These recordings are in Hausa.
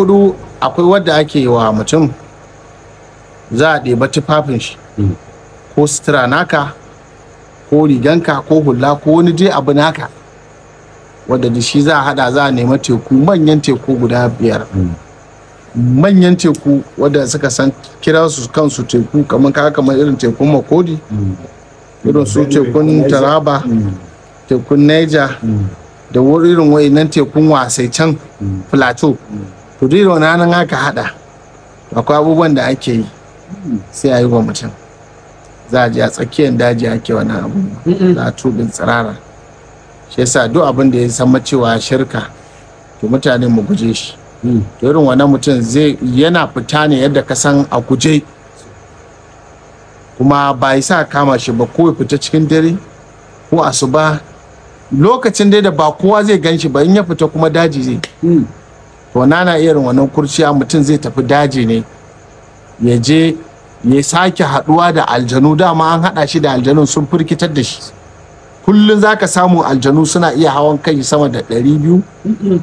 kudu akwai wadda ake yi wa mutum za a ɗeba tufafin shi mm. ko sutura naka ko riganka ko hula ko wani dai abu naka wadda da shi za a hada za a nema teku manyan teku guda biyar mm. manyan teku wadda suka san kira su kansu teku kamar ka kamar irin tekun makodi mm. irin su tekun taraba tekun niger da irin wa'inan tekun wasai can plateau to na nan aka haka hada akwai abubuwan da ake yi sai a yi wa mutum za a je a tsakiyar daji ake wani abu za a tubin tsirara shi yasa duk abin da ya san cewa shirka to mutane mu guje shi mm. to irin wani mutum zai yana fita ne yadda ka san a guje kuma ba yi sa kama shi ba ko ya fita cikin dare ko asuba lokacin dai da ba kowa zai ganshi ba in ya fita kuma daji zai mm. to na irin wannan kurciya mutum zai tafi daji ne ya je ya sake haduwa da aljanu dama an hada shi da aljanun sun firkitar da shi kullum za ka samu aljanu suna iya hawan kai sama da ɗari biyu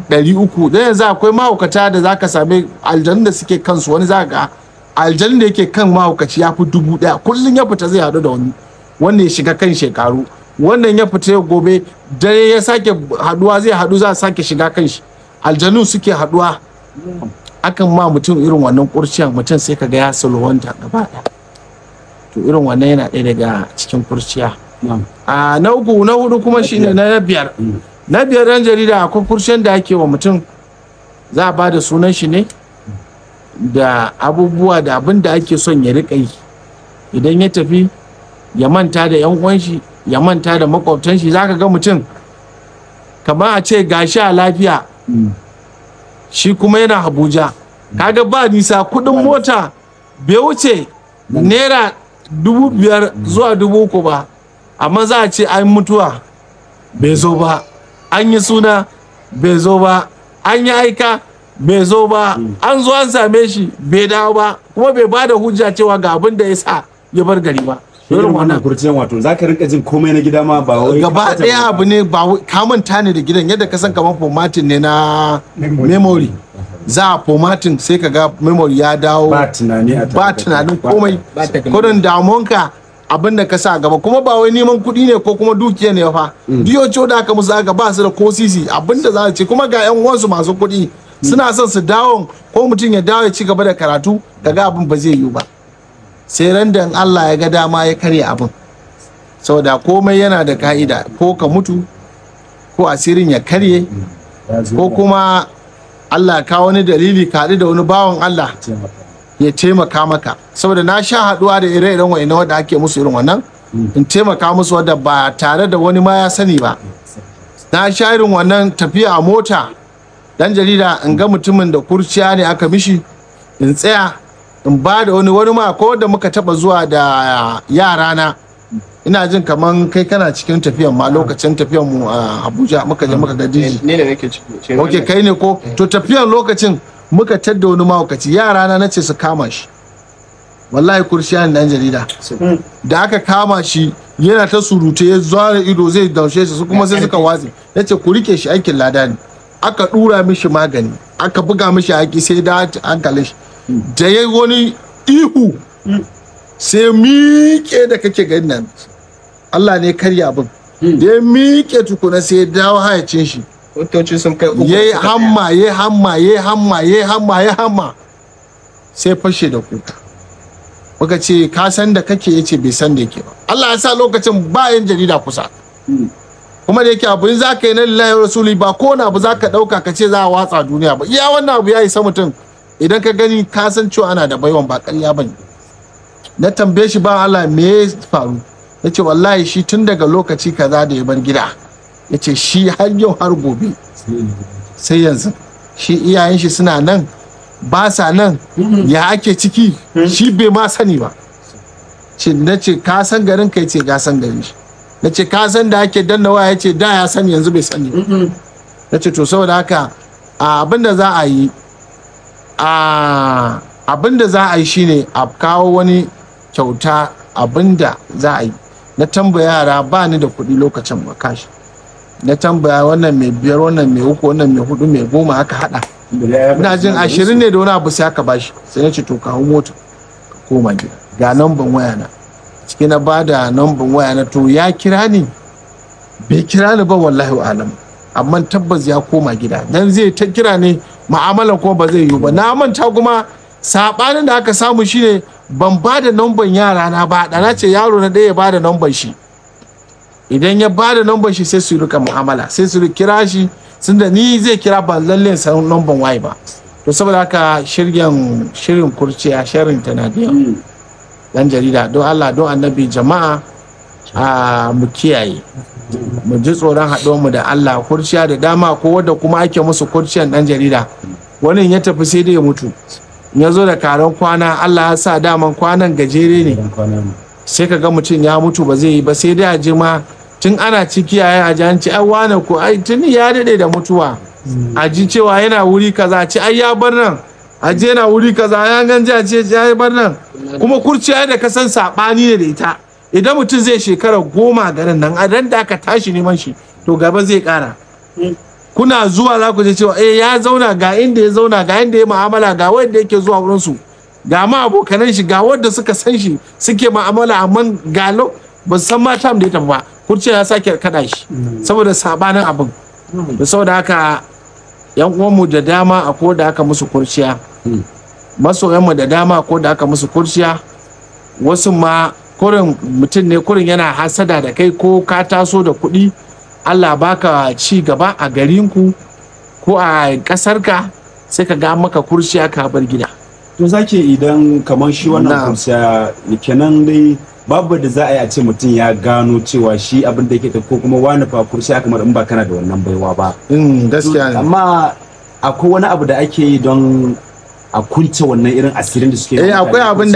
ɗari yanzu akwai mahaukata da za ka same aljanun da suke kansu wani za ga aljanun da yake kan mahaukaci ya fi dubu daya kullum ya fita zai haɗu da wani wanda ya shiga kan shekaru wannan ya fita gobe dare ya sake haduwa zai haɗu za a sake shiga kan shi aljanun suke haduwa hmm. akan ma mutum irin wannan kurciyan mutum sai kaga ya salwanta gaba to irin wannan yana ɗaya daga cikin kurciya hmm. a na uku na hudu kuma shine na biyar na biyar hmm. yan jarida akwai kurciyan da ake wa mutum za a ba da sunan shi ne da abubuwa da abin da ake son ya riƙa yi idan ya tafi ya manta da yan uwan shi ya manta da makwabtan shi zaka ga mutum kamar a ce gashi a lafiya shi kuma yana Abuja kaga ba nisa kuɗin mota bai wuce naira dubu biyar zuwa dubu uku ba amma za a ce an mutuwa bai zo ba an yi suna bai zo ba an yi aika bai zo ba an zo an same shi bai dawo ba kuma bai ba da hujja cewa ga abin da ya sa ya bar gari ba irin wannan kurciyan wato za ka rinka jin komai na gida ma ba wai gaba daya abu ne ba ka manta ne da gidan yadda ka san kamar formatin ne na memory za a formatin sai ka ga memory ya dawo ba tunani a ba tunanin komai kodin damuwanka abin da ka sa gaba kuma ba wai neman kuɗi ne ko kuma dukiya ne fa biyo mm. da aka musu aka ba su da ko sisi abin da za a ce kuma ga yan uwansu masu kuɗi suna son su dawo ko mutum ya dawo ya ci gaba da karatu kaga abin ba zai yiwu ba sai ran Allah ya ga dama ya karya abin saboda komai yana da ka'ida ko ka mutu ko asirin ya karye ko kuma Allah ka wani dalili ka haɗu da wani bawan Allah ya taimaka maka saboda na sha haɗuwa da ire-iren wa'ina wanda ake musu irin wannan in taimaka musu wadda ba tare da wani ma ya sani ba na sha irin wannan tafiya a mota dan jarida in ga mutumin da kurciya ne aka mishi in tsaya in ba da wani wani ma ko da muka taba zuwa da yara na ina jin kaman kai kana cikin tafiyan ma lokacin tafiyan mu a Abuja muka je muka ga mm. ne ne nake ciki okay kai ne ko mm. to tafiyan lokacin muka tadda wani mahaukaci yara na nace su kama shi wallahi kursiyan dan jarida mm. da aka kama shi yana ta surute ya zara ido zai daushe shi su kuma sai suka watse nace ku rike shi aikin lada ne aka dura mishi magani aka buga mishi haƙi sai da hankalin shi da ya wani ihu sai miƙe da kake gani nan Allah ne karya abin da ya miƙe tukuna sai ya dawo hayacin shi kuntoci sun kai uku yayi hamma yayi hamma yayi hamma yayi hamma yayi hamma sai fashe da kuka muka ce ka san da kake yace bai san da yake ba Allah ya sa lokacin ba yan jarida kusa kuma da yake abin za ka yi na lillahi rasuli ba ko na abu za ka ɗauka ka ce za a watsa duniya ba iya wannan abu ya isa mutum idan ka gani ka san cewa ana da baiwan ba ƙarya bane na tambaye shi ba Allah me ya faru ya ce wallahi shi tun daga lokaci kaza da ya bar gida ya ce shi har yau har gobe sai yanzu shi iyayen shi suna nan ba sa nan ya ake ciki shi bai ma sani ba ce na ce ka san garin kai ce ga san garin shi na ce ka san da ake danna waya ya da ya sani yanzu bai sani na ce to saboda haka abin da za a yi a abin da za a yi shine a kawo wani kyauta abin da za a yi na tambaya yara ba ni da kuɗi lokacin makashi na tambaya wannan mai biyar wannan mai uku wannan mai hudu mai goma haka hada ina jin ashirin ne da wani abu sai aka bashi sai na ce to kawo mota ka koma gida ga namban waya na ciki na ba da namban waya na to ya kira ni bai kira ni ba wallahi alam amma tabbas ya koma gida dan zai ta kira ne ma'amalan kuma ba zai yiwu ba na manta kuma sabanin da aka samu shine ban ba da namban yara na ba da na ce yaro na ɗaya ya ba da namban shi idan ya ba da namban shi sai su rika mu'amala sai su kira shi sun da ni zai kira ba lalle san namban waye ba to saboda haka shiryan shirin kurciya shirin tanadiya hmm. dan jarida don Allah don annabi jama'a a mu kiyaye mu ji tsoron mu da Allah kurciya da dama ko wadda kuma ake musu kurciyan dan jarida wani ya tafi sai da ya mutu ya zo da karan kwana Allah ya sa daman kwanan gajere ne sai ka ga mutum ya mutu ba zai yi ba sai dai a ji ma tun ana ciki yayin a janci ai wane ko ai tun ya daɗe da mutuwa a ji cewa yana wuri kaza ci ai ya bar nan a ji yana wuri kaza ya ganje a ce ya bar nan kuma kurciya da san saɓani ne da ita idan mutum zai shekara goma garin nan adan da aka tashi neman shi to gaba zai kara mm. kuna zuwa za ku je cewa eh ya zauna ga inda ya zauna ga inda ya mu'amala ga wanda yake zuwa wurin su ga ma abokanan shi ga wanda suka san shi suke mu'amala amma ga galo ba san ma tam da ya ba kurce ya sake kada shi mm. saboda sabanin abin mm. saboda haka yan uwanmu da dama a ko da aka musu kurciya masoyanmu da dama a ko da aka musu kurciya wasu ma kurin mutum ne kurin yana hasada da kai ko ka taso da kuɗi allah baka ci gaba a garinku ko a ƙasarka sai ka ga maka kurshi ka bar gida to zake idan kamar shi wannan kursiya kenan dai babu da za a yi a ce mutum ya gano cewa shi abin da yake ko kuma wani fa kurciya kamar in ba kana da wannan baiwa ba mm, gaskiya ne amma akwai wani abu da ake yi don a kunce wannan irin asirin da suke eh akwai abin